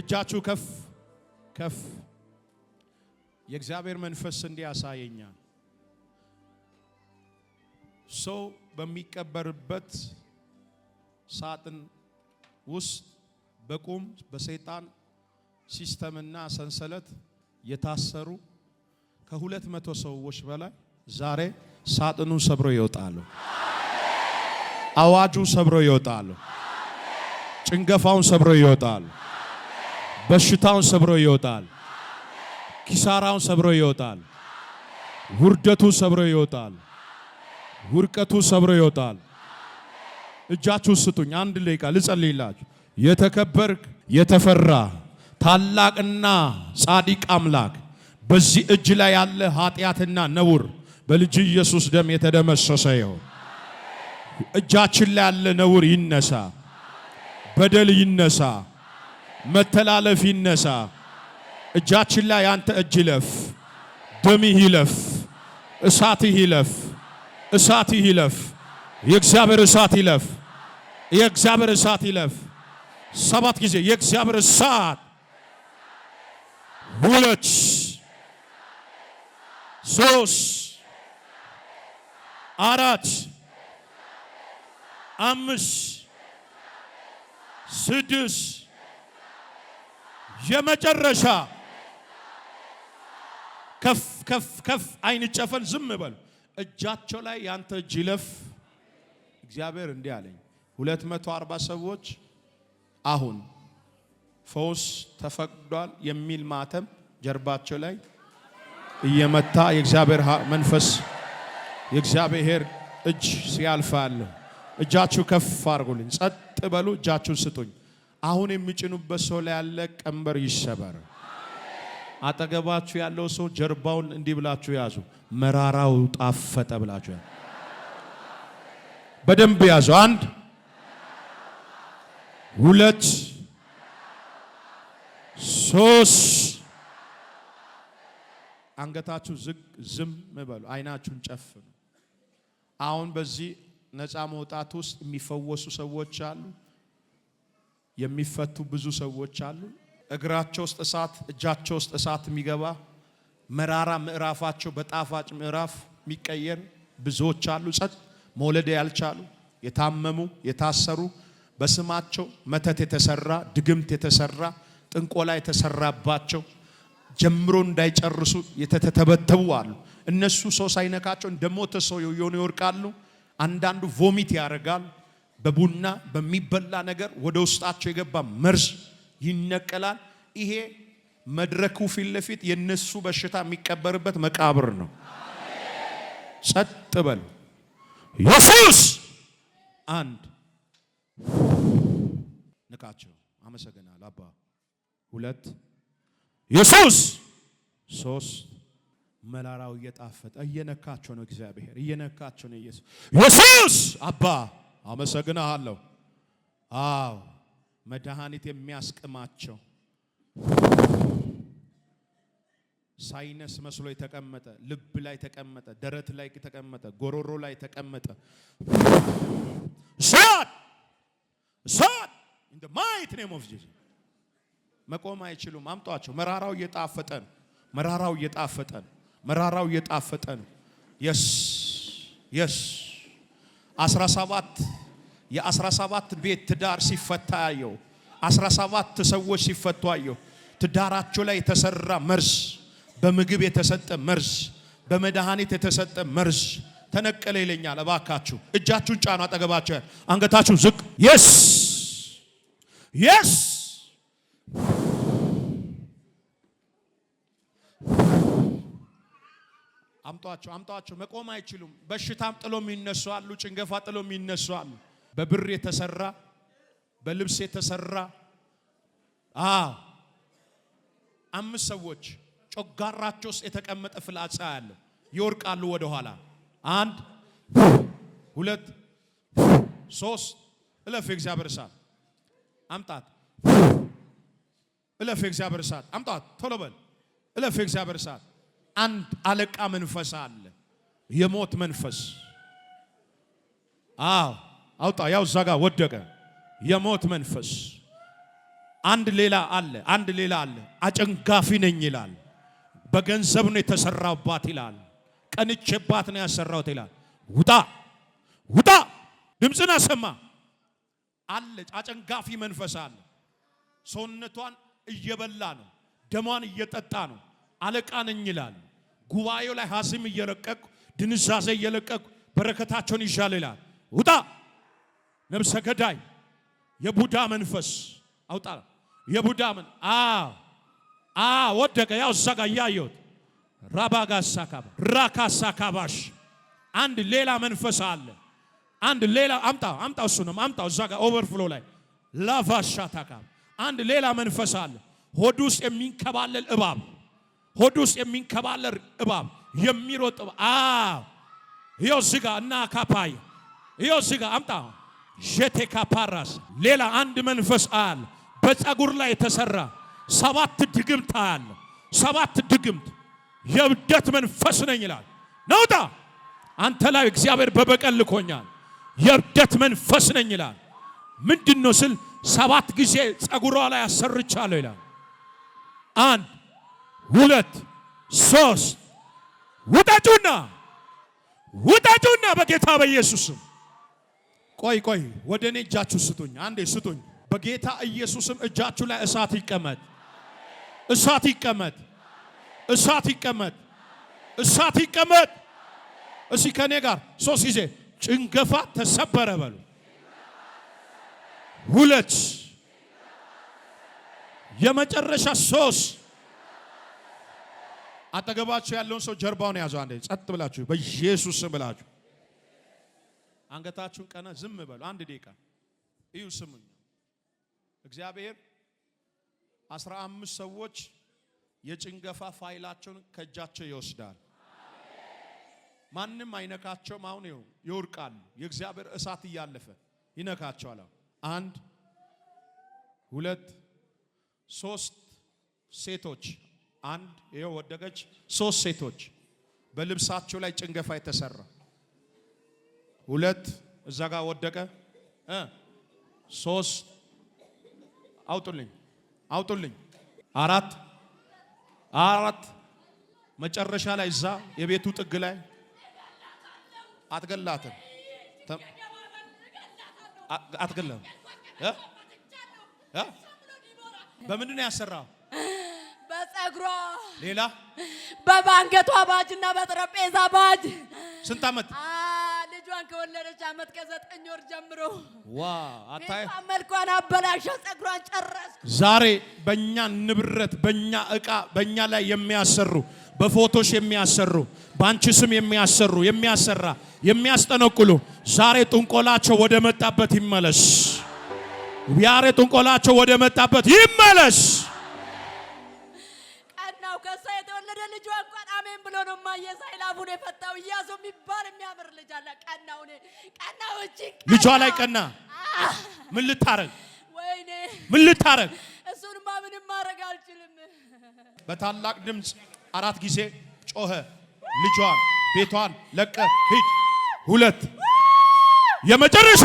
እጃችሁ ከፍ ከፍ። የእግዚአብሔር መንፈስ እንዲህ ያሳየኛል። ሰው በሚቀበርበት ሳጥን ውስጥ በቁም በሰይጣን ሲስተምና ሰንሰለት የታሰሩ ከሁለት መቶ ሰዎች በላይ ዛሬ ሳጥኑ ሰብሮ ይወጣሉ። አዋጁ ሰብሮ ይወጣሉ። ጭንገፋውን ሰብሮ ይወጣሉ። በሽታውን ሰብሮ ይወጣል። ኪሳራውን ሰብሮ ይወጣል። ውርደቱ ሰብሮ ይወጣል። ውርቀቱ ሰብሮ ይወጣል። እጃችሁ ስጡኝ። አንድ ደቂቃ ልጸልይላችሁ። የተከበርክ የተፈራ ታላቅና ጻድቅ አምላክ በዚህ እጅ ላይ ያለ ኃጢአትና ነውር በልጅ ኢየሱስ ደም የተደመሰሰ ይሁን። እጃችን ላይ ያለ ነውር ይነሳ፣ በደል ይነሳ። መተላለፍ ይነሳ። እጃችን ላይ አንተ እጅ ይለፍ፣ ደምህ ይለፍ፣ እሳትህ ይለፍ፣ እሳትህ ይለፍ፣ የእግዚአብሔር እሳት ይለፍ፣ የእግዚአብሔር እሳት ይለፍ። ሰባት ጊዜ የእግዚአብሔር እሳት። ሁለት ሶስት አራት አምስት ስድስት የመጨረሻ ከፍ ከፍ ከፍ አይን ጨፈን ዝም በሉ። እጃቸው ላይ ያንተ እጅ ይለፍ። እግዚአብሔር እንዲህ አለኝ፣ 240 ሰዎች አሁን ፈውስ ተፈቅዷል የሚል ማተም ጀርባቸው ላይ እየመታ የእግዚአብሔር መንፈስ የእግዚአብሔር እጅ ሲያልፋለሁ። እጃችሁ ከፍ አድርጉልኝ። ጸጥ በሉ። እጃችሁን ስጡኝ። አሁን የሚጭኑበት ሰው ላይ ያለ ቀንበር ይሰበር። አጠገባችሁ ያለው ሰው ጀርባውን እንዲህ ብላችሁ ያዙ። መራራው ጣፈጠ ብላችሁ ያዙ። በደንብ ያዙ። አንድ ሁለት ሶስት። አንገታችሁ ዝግ፣ ዝም በሉ። አይናችሁን ጨፍኑ። አሁን በዚህ ነፃ መውጣት ውስጥ የሚፈወሱ ሰዎች አሉ። የሚፈቱ ብዙ ሰዎች አሉ። እግራቸው ውስጥ እሳት፣ እጃቸው ውስጥ እሳት የሚገባ መራራ ምዕራፋቸው በጣፋጭ ምዕራፍ የሚቀየር ብዙዎች አሉ። ጸጥ መውለድ ያልቻሉ የታመሙ፣ የታሰሩ በስማቸው መተት የተሰራ ድግምት የተሰራ ጥንቆላ የተሰራባቸው ጀምሮ እንዳይጨርሱ የተተተበተቡ አሉ። እነሱ ሰው ሳይነካቸው እንደሞተ ሰው የሆኑ ይወርቃሉ አንዳንዱ ቮሚት ያደርጋል። በቡና በሚበላ ነገር ወደ ውስጣቸው የገባ መርዝ ይነቀላል። ይሄ መድረኩ ፊት ለፊት የነሱ በሽታ የሚቀበርበት መቃብር ነው። ጸጥ በሉ። ኢየሱስ አንድ ንቃቸው። አመሰግናል አባ። ሁለት ኢየሱስ ሶስት መላራው እየጣፈጠ እየነካቸው ነው። እግዚአብሔር እየነካቸው ነው። ኢየሱስ ኢየሱስ አባ አመሰግናለሁ። አዎ መድኃኒት የሚያስቅማቸው ሳይነስ መስሎ የተቀመጠ ልብ ላይ ተቀመጠ፣ ደረት ላይ ተቀመጠ፣ ጎሮሮ ላይ ተቀመጠ። እሳት እሳት እንደ ማየት ኔም ኦፍ መቆም አይችሉም። አምጧቸው። መራራው እየጣፈጠ ነው። መራራው እየጣፈጠ ነው። መራራው እየጣፈጠ ነው። የስ የስ 17 የ17 ቤት ትዳር ሲፈታ ያየው 17 ሰዎች ሲፈቱ አየሁ። ትዳራቸው ላይ የተሰራ መርዝ፣ በምግብ የተሰጠ መርዝ፣ በመድኃኒት የተሰጠ መርዝ ተነቀለ ይለኛል። እባካችሁ እጃችሁን ጫኑ፣ አጠገባችሁ አንገታችሁ ዝቅ የስ የስ አምጧቸው አምጧቸው። መቆም አይችሉም። በሽታም ጥሎ የሚነሱ አሉ። ጭንገፋ ጥሎ የሚነሱ አሉ። በብር የተሰራ በልብስ የተሰራ አዎ፣ አምስት ሰዎች ጮጋራቸው ውስጥ የተቀመጠ ፍላጻ ያለው ይወርቃሉ ወደ አንድ ሁለት ሶስት እለፍ። የእግዚአብሔር እሳት አምጣት። እለፍ። የእግዚአብሔር እሳት አምጣት። ቶሎ በል። እለፍ። የእግዚአብሔር እሳት አንድ አለቃ መንፈስ አለ። የሞት መንፈስ አዎ፣ አውጣ ያው እዛ ጋር ወደቀ። የሞት መንፈስ አንድ ሌላ አለ። አንድ ሌላ አለ። አጨንጋፊ ነኝ ይላል። በገንዘብ ነው የተሰራባት ይላል። ቀንቼባት ነው ያሰራሁት ይላል። ውጣ ውጣ! ድምፅን አሰማ አለ። አጨንጋፊ መንፈስ አለ። ሰውነቷን እየበላ ነው፣ ደሟን እየጠጣ ነው። አለቃ ነኝ ይላል። ጉባኤው ላይ ሀስም እየለቀቁ ድንዛዜ እየለቀቁ በረከታቸውን ይዣል ይላል። ውጣ ነብሰ ገዳይ የቡዳ መንፈስ አውጣ። የቡዳ መን አ አ ወደቀ። ያው እዛ ጋ እያየሁት ራባጋ ሳካባ ራካ ሳካባሽ አንድ ሌላ መንፈስ አለ። አንድ ሌላ አምጣ አምጣ፣ እሱ ነው እዛ ጋር ኦቨርፍሎ ላይ ላቫሻ ታካ አንድ ሌላ መንፈስ አለ። ሆድ ውስጥ የሚንከባለል እባብ ሆድ ውስጥ የሚንከባለር እባብ የሚሮጥ አዎ፣ ይኸው ስጋ እና ካፓይ ይኸው ስጋ አምጣ ዠቴ ካፓራስ ሌላ አንድ መንፈስ አለ። በፀጉር ላይ የተሰራ ሰባት ድግምት አለ። ሰባት ድግምት የእብደት መንፈስ ነኝ ይላል። ነውጣ አንተ ላይ እግዚአብሔር በበቀል ልኮኛል። የእብደት መንፈስ ነኝ ይላል። ምንድን ነው ስል ሰባት ጊዜ ፀጉሯ ላይ አሰርቻለሁ ይላል። አንድ ሁለት ሶስት ውጣጩና ውጣጩና በጌታ በኢየሱስም ቆይ ቆይ ወደ እኔ እጃችሁ ስጡኝ። አንዴ ስጡኝ። በጌታ ኢየሱስም እጃችሁ ላይ እሳት ይቀመጥ፣ እሳት ይቀመጥ፣ እሳት ይቀመጥ፣ እሳት ይቀመጥ። እስኪ ከእኔ ጋር ሶስት ጊዜ ጭንገፋ ተሰበረ በሉ። ሁለት የመጨረሻ ሶስት አጠገባችሁ ያለውን ሰው ጀርባውን ያዘው። አንዴ ጸጥ ብላችሁ በኢየሱስ ስም ብላችሁ አንገታችሁን ቀና ዝም በሉ። አንድ ደቂቃ እዩ። ስሙኝ። እግዚአብሔር አስራ አምስት ሰዎች የጭንገፋ ፋይላቸውን ከእጃቸው ይወስዳል። ማንም አይነካቸውም። አሁን ይኸው ይወርቃሉ። የእግዚአብሔር እሳት እያለፈ ይነካቸዋል። አንድ ሁለት ሶስት ሴቶች አንድ ይኸው ወደቀች። ሶስት ሴቶች በልብሳቸው ላይ ጭንገፋ የተሰራ ሁለት እዛ ጋር ወደቀ። ሶስት አውጡልኝ፣ አውጡልኝ። አራት አራት መጨረሻ ላይ እዛ የቤቱ ጥግ ላይ አትገላትም፣ አትገላትም። በምንድን ነው ያሰራው? በእግሯ ሌላ በባንገቷ ባጅና በጠረጴዛ ባጅ ስንት አመት ልጇን ከወለደች ዓመት ከዘጠኝ ወር ጀምሮ መልኳን አበላሻ፣ ጸጉሯን ጨረስኩ። ዛሬ በእኛ ንብረት፣ በእኛ እቃ፣ በእኛ ላይ የሚያሰሩ በፎቶሽ የሚያሰሩ በአንቺ ስም የሚያሰሩ የሚያሰራ የሚያስጠነቁሉ ዛሬ ጥንቆላቸው ወደ መጣበት ይመለስ። ያሬ ጥንቆላቸው ወደ መጣበት ይመለስ። ልጇ እንኳን አሜን ብሎ ነው ማየ ሳይል አፉን የፈታው እያሱ የሚባል የሚያምር ልጅ አለ። ቀናው ቀናው ልጇ ላይ ቀና። ምን ልታረግ ወይኔ፣ ምን ልታረግ? እሱንማ ምንም ማድረግ አልችልም። በታላቅ ድምፅ አራት ጊዜ ጮኸ። ልጇን ቤቷን ለቀ ሂድ። ሁለት የመጨረሻ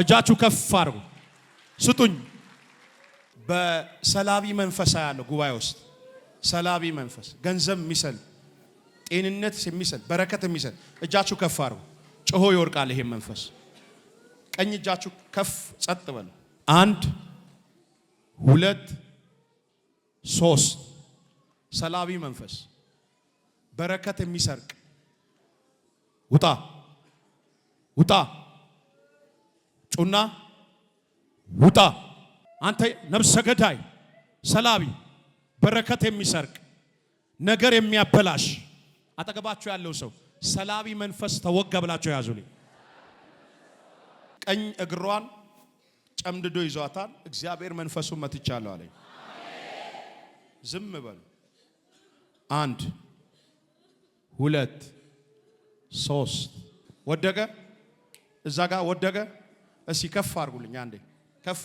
እጃችሁ ከፍ አድርጉ ስጡኝ። በሰላቢ መንፈሳ ያለው ጉባኤ ውስጥ ሰላቢ መንፈስ፣ ገንዘብ የሚሰል ጤንነት የሚሰል በረከት የሚሰል እጃችሁ ከፍ አርጉ። ጮሆ ይወርቃል ይሄ መንፈስ። ቀኝ እጃችሁ ከፍ ጸጥ በሉ። አንድ ሁለት ሶስት። ሰላቢ መንፈስ፣ በረከት የሚሰርቅ ውጣ ውጣ ጩና ውጣ። አንተ ነብሰ ገዳይ ሰላቢ በረከት የሚሰርቅ ነገር የሚያበላሽ አጠገባቸው ያለው ሰው ሰላቢ መንፈስ ተወጋ ብላቸው ያዙልኝ። ቀኝ እግሯን ጨምድዶ ይዟታል። እግዚአብሔር መንፈሱን መትቻለሁ አለኝ። ዝም በሉ። አንድ ሁለት ሶስት፣ ወደቀ። እዛ ጋር ወደቀ። እስኪ ከፍ አድርጉልኝ አንዴ ከፍ።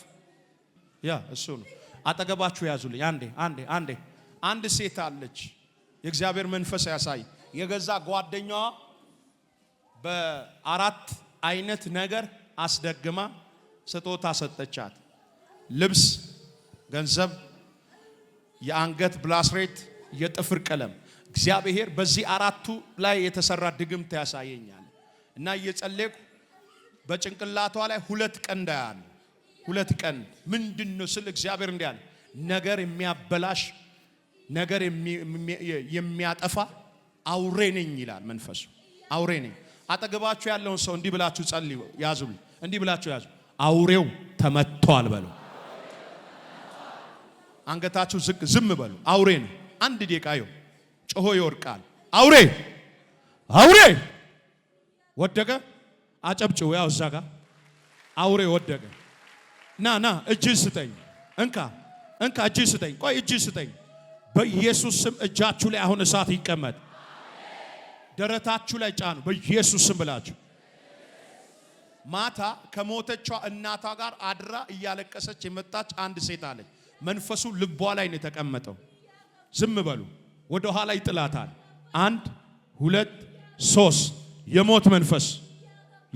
ያ እሱ ነው። አጠገባችሁ ያዙልኝ። አንዴ አንዴ አንዴ። አንድ ሴት አለች። የእግዚአብሔር መንፈስ ያሳይ። የገዛ ጓደኛዋ በአራት አይነት ነገር አስደግማ ስጦታ ሰጠቻት። ልብስ፣ ገንዘብ፣ የአንገት ብላስሬት፣ የጥፍር ቀለም። እግዚአብሔር በዚህ አራቱ ላይ የተሰራ ድግምት ያሳየኛል እና እየጸለይኩ በጭንቅላቷ ላይ ሁለት ቀንዳ ያለ ሁለት ቀን ምንድን ነው ስል እግዚአብሔር እንዲህ አለ፣ ነገር የሚያበላሽ ነገር የሚያጠፋ አውሬ ነኝ ይላል መንፈሱ። አውሬ ነኝ። አጠገባችሁ ያለውን ሰው እንዲህ ብላችሁ ጸልዩ፣ ያዙልኝ። እንዲህ ብላችሁ ያዙ። አውሬው ተመቷል በሉ። አንገታችሁ ዝቅ ዝም በሉ። አውሬ ነው። አንድ ይው ጮሆ ይወርቃል አውሬ አውሬ ወደቀ። አጨብጭው ያው እዛ ጋር አውሬ ወደቀ። ና ና እጅ ስጠኝ። እንካ እንካ እጅ ስጠኝ። ቆይ እጅ ስጠኝ። በኢየሱስ ስም እጃችሁ ላይ አሁን እሳት ይቀመጥ። ደረታችሁ ላይ ጫኑ። በኢየሱስ ስም ብላችሁ ማታ ከሞተቿ እናቷ ጋር አድራ እያለቀሰች የመጣች አንድ ሴት አለች። መንፈሱ ልቧ ላይ ነው የተቀመጠው። ዝም በሉ፣ ወደ ኋላ ይጥላታል። አንድ ሁለት ሶስት። የሞት መንፈስ፣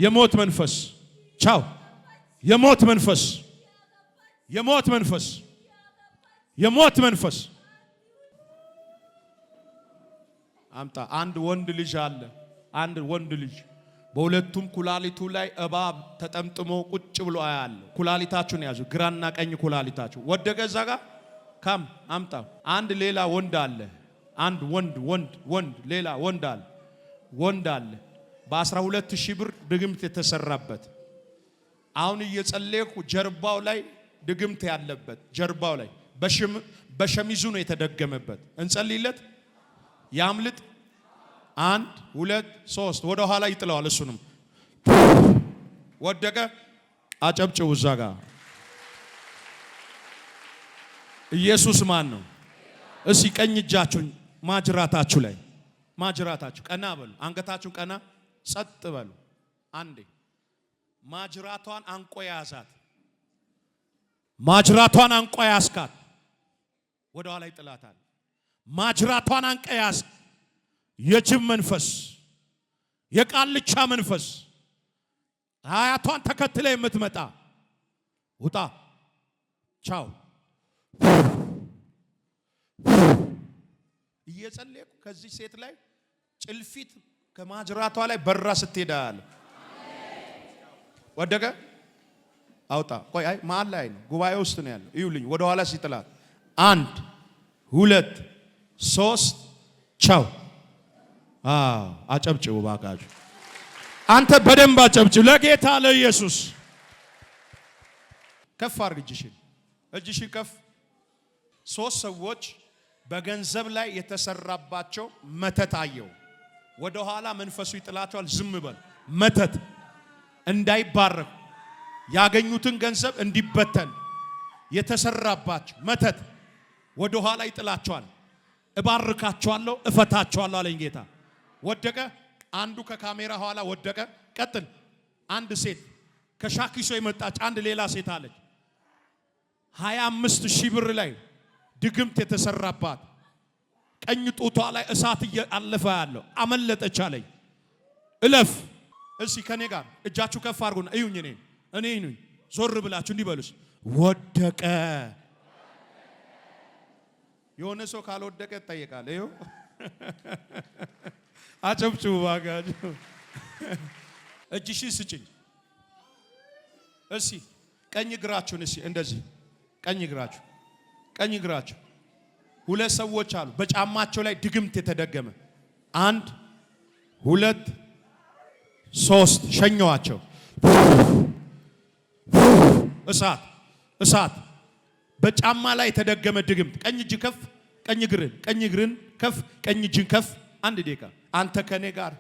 የሞት መንፈስ፣ ቻው፣ የሞት መንፈስ የሞት መንፈስ የሞት መንፈስ አምጣ። አንድ ወንድ ልጅ አለ። አንድ ወንድ ልጅ በሁለቱም ኩላሊቱ ላይ እባብ ተጠምጥሞ ቁጭ ብሎ አያለ። ኩላሊታችሁን ያዙ፣ ግራና ቀኝ ኩላሊታችሁ ወደቀ። እዛ ጋር ካም አምጣ። አንድ ሌላ ወንድ አለ። አንድ ወንድ ወንድ ወንድ ሌላ ወንድ አለ። ወንድ አለ በ12 ሺህ ብር ድግምት የተሰራበት አሁን እየጸለይኩ ጀርባው ላይ ድግምት ያለበት ጀርባው ላይ በሸሚዙ ነው የተደገመበት። እንጸልይለት ያምልጥ። አንድ ሁለት ሶስት፣ ወደ ኋላ ይጥለዋል። እሱንም ወደቀ። አጨብጭቡ እዛ ጋር ኢየሱስ ማን ነው? እስኪ ቀኝ እጃችሁን ማጅራታችሁ ላይ ማጅራታችሁ ቀና በሉ። አንገታችሁን ቀና፣ ጸጥ በሉ። አንዴ ማጅራቷን አንቆ ያዛት። ማጅራቷን አንቋ ያስካት ወደ ኋላ ይጥላታል። ማጅራቷን አንቀ ያስ የጅብ መንፈስ፣ የቃልቻ መንፈስ አያቷን ተከትለ የምትመጣ ውጣ፣ ቻው እየጸለይኩ ከዚህ ሴት ላይ ጭልፊት ከማጅራቷ ላይ በራ ስትሄዳል ወደቀ አውጣ። ቆይ አይ መሀል ላይ ነው፣ ጉባኤ ውስጥ ነው ያለው። እዩልኝ፣ ወደ ኋላ ሲጥላት፣ አንድ ሁለት ሶስት፣ ቻው። አዎ አጨብጭቡ እባካችሁ። አንተ በደንብ አጨብጭብ ለጌታ ለኢየሱስ። ከፍ አድርግ እጅሽን፣ እጅሽን ከፍ። ሶስት ሰዎች በገንዘብ ላይ የተሰራባቸው መተት አየው። ወደኋላ መንፈሱ ይጥላቸዋል። ዝም በል መተት እንዳይባረኩ ያገኙትን ገንዘብ እንዲበተን የተሰራባቸው መተት ወደ ኋላ ይጥላቸዋል። እባርካቸዋለሁ፣ እፈታቸዋለሁ አለኝ ጌታ። ወደቀ። አንዱ ከካሜራ ኋላ ወደቀ። ቀጥል። አንድ ሴት ከሻኪሶ የመጣች አንድ ሌላ ሴት አለች። ሀያ አምስት ሺህ ብር ላይ ድግምት የተሰራባት ቀኝ ጡቷ ላይ እሳት እያለፈ ያለው አመለጠች አለኝ። እለፍ። እሺ ከኔ ጋር እጃችሁ ከፍ አድርጉና እዩኝ እኔ እኔ ነኝ። ዞር ብላችሁ እንዲህ በሉስ። ወደቀ። የሆነ ሰው ካልወደቀ ይጠየቃል። ይኸው አጨብጭቡ። ባጋ እጅሽ ስጭኝ እሺ። ቀኝ እግራችሁን እሺ። እንደዚህ ቀኝ እግራችሁ ቀኝ እግራችሁ ሁለት ሰዎች አሉ። በጫማቸው ላይ ድግምት የተደገመ አንድ ሁለት ሶስት ሸኘዋቸው። እሳት እሳት በጫማ ላይ የተደገመ ድግምት። ቀኝ እጅ ከፍ፣ ቀኝ እግርን፣ ቀኝ እግርን ከፍ፣ ቀኝ እጅን ከፍ። አንድ ደቂቃ አንተ ከኔ ጋር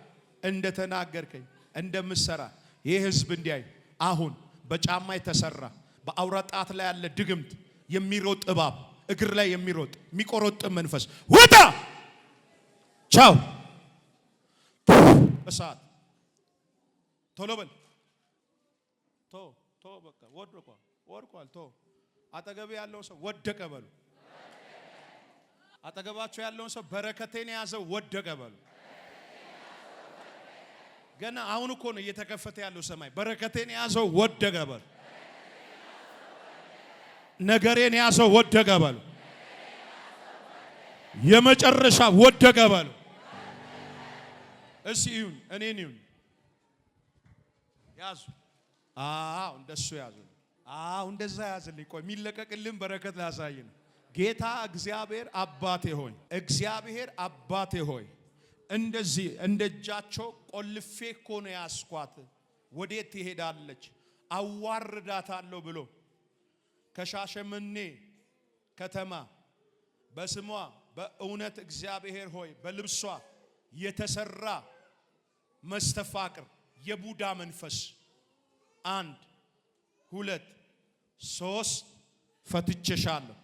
እንደተናገርከኝ እንደምሰራ ይህ ህዝብ እንዲያይ አሁን በጫማ የተሰራ በአውራ ጣት ላይ ያለ ድግምት፣ የሚሮጥ እባብ፣ እግር ላይ የሚሮጥ የሚቆረጥ መንፈስ ውጣ! ቻው! እሳት ቶሎ በል ቶ በቃ ወድቋል፣ ወድቋል። ቶ አጠገቤ ያለው ሰው ወደቀ በሉ። አጠገባቸው ያለውን ሰው በረከቴን የያዘ ወደቀ በሉ። ገና አሁን እኮ ነው እየተከፈተ ያለው ሰማይ። በረከቴን የያዘው ወደቀ በሉ። ነገሬን የያዘው ወደቀ በሉ። የመጨረሻ ወደቀ በሉ። እስኪ ይሁን እኔን ይሁን ያዙ አዎ እንደሱ ያዙን። አዎ እንደዛ ያዝልኝ። ቆይ የሚለቀቅልን በረከት ላሳይ ነው። ጌታ እግዚአብሔር አባቴ ሆይ እግዚአብሔር አባቴ ሆይ እንደዚህ እንደ እጃቸው ቆልፌ እኮ ነው ያስኳት፣ ወዴት ትሄዳለች? አዋርዳታለሁ ብሎ ከሻሸመኔ ከተማ በስሟ በእውነት እግዚአብሔር ሆይ በልብሷ የተሰራ መስተፋቅር የቡዳ መንፈስ አንድ ሁለት ሶስት ፈትቼሻለሁ።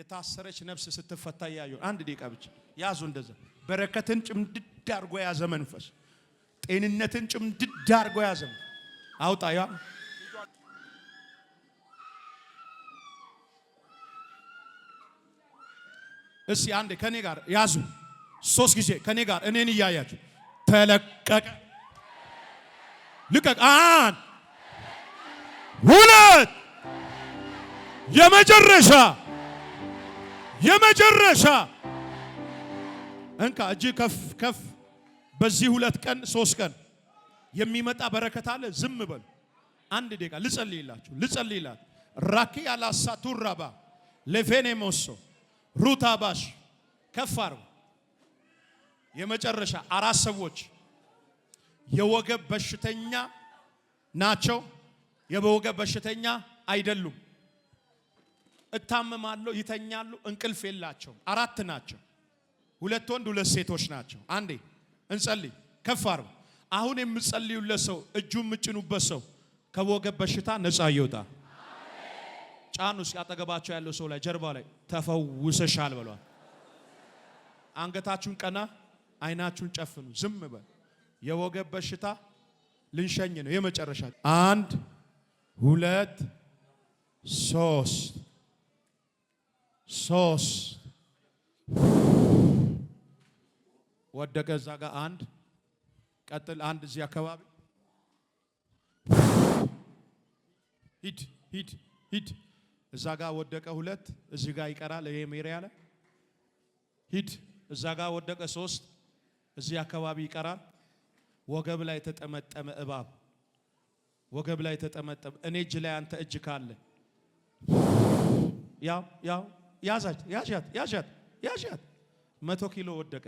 የታሰረች ነፍስ ስትፈታ ያዩ አንድ ደቂቃ ብቻ ያዙ። እንደዛ በረከትን ጭምድድ አድርጎ የያዘ መንፈስ ጤንነትን ጭምድድ አድርጎ የያዘ አውጣ ያ እስኪ አንዴ ከኔ ጋር ያዙ። ሶስት ጊዜ ከኔ ጋር እኔን እያያችሁ ተለቀቀ። ልቀቅ። አንድ ሁለት፣ የመጨረሻ የመጨረሻ እንካ እጅ ከፍ ከፍ። በዚህ ሁለት ቀን ሶስት ቀን የሚመጣ በረከት አለ። ዝም በሉ። አንድ ደቂቃ ልጸልይላችሁ፣ ልጸልይላችሁ ራኪ ያላሳቱራባ ሌፌኔሞሶ ሩታባሽ ከፍ አርጉ የመጨረሻ አራት ሰዎች የወገብ በሽተኛ ናቸው። የወገብ በሽተኛ አይደሉም። እታመማለሁ፣ ይተኛሉ፣ እንቅልፍ የላቸውም። አራት ናቸው። ሁለት ወንድ ሁለት ሴቶች ናቸው። አንዴ እንጸልይ። ከፍ አርጉ። አሁን የምጸልዩለት ሰው እጁ የምጭኑበት ሰው ከወገብ በሽታ ነፃ ይወጣ። ጫኑስ ያጠገባቸው ያለው ሰው ላይ ጀርባ ላይ ተፈውሰሻል ብሏል። አንገታችሁን ቀና አይናችሁን ጨፍኑ፣ ዝም በል። የወገብ በሽታ ልንሸኝ ነው። የመጨረሻ አንድ ሁለት ሶስት ሶስት ወደቀ እዛ ጋር አንድ ቀጥል፣ አንድ እዚህ አካባቢ ሂድ ሂድ ሂድ። እዛ ጋር ወደቀ ሁለት፣ እዚህ ጋር ይቀራል። ይሄ ሜሪያ ሂድ። እዛ ጋር ወደቀ ሶስት እዚህ አካባቢ ይቀራል። ወገብ ላይ የተጠመጠመ እባብ፣ ወገብ ላይ የተጠመጠመ እኔ እጅ ላይ አንተ እጅ ካለ ያው ያው ያዛት ያዣት ያዣት ያዣት መቶ ኪሎ ወደቀ።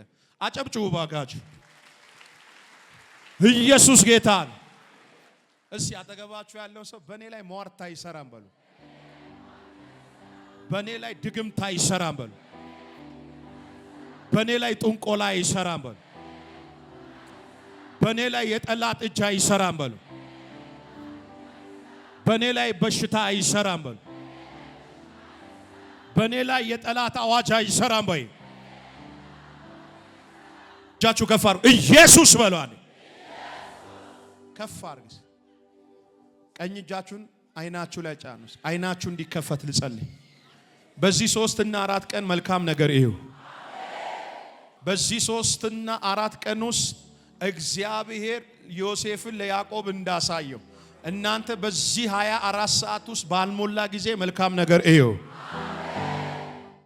አጨብጭቡ ባጋጅ ኢየሱስ ጌታ ነው። እስኪ አጠገባችሁ ያለው ሰው በእኔ ላይ ሟርት አይሰራም በሉ። በእኔ ላይ ድግምታ አይሰራም በሉ። በእኔ ላይ ጥንቆላ አይሰራም በሉ። በእኔ ላይ የጠላት እጅ አይሰራም በሉ። በእኔ ላይ በሽታ አይሰራም በሉ። በእኔ ላይ የጠላት አዋጅ አይሰራም በይ። እጃችሁ ከፍ አድርጉ። ኢየሱስ በሏል። ከፍ አድርግ። ቀኝ እጃችሁን አይናችሁ ላይ ጫኑስ። አይናችሁ እንዲከፈት ልጸልይ። በዚህ ሶስትና አራት ቀን መልካም ነገር እዩ። በዚህ ሶስትና አራት ቀን ውስጥ እግዚአብሔር ዮሴፍን ለያዕቆብ እንዳሳየው እናንተ በዚህ 24 ሰዓት ውስጥ ባልሞላ ጊዜ መልካም ነገር እዩ።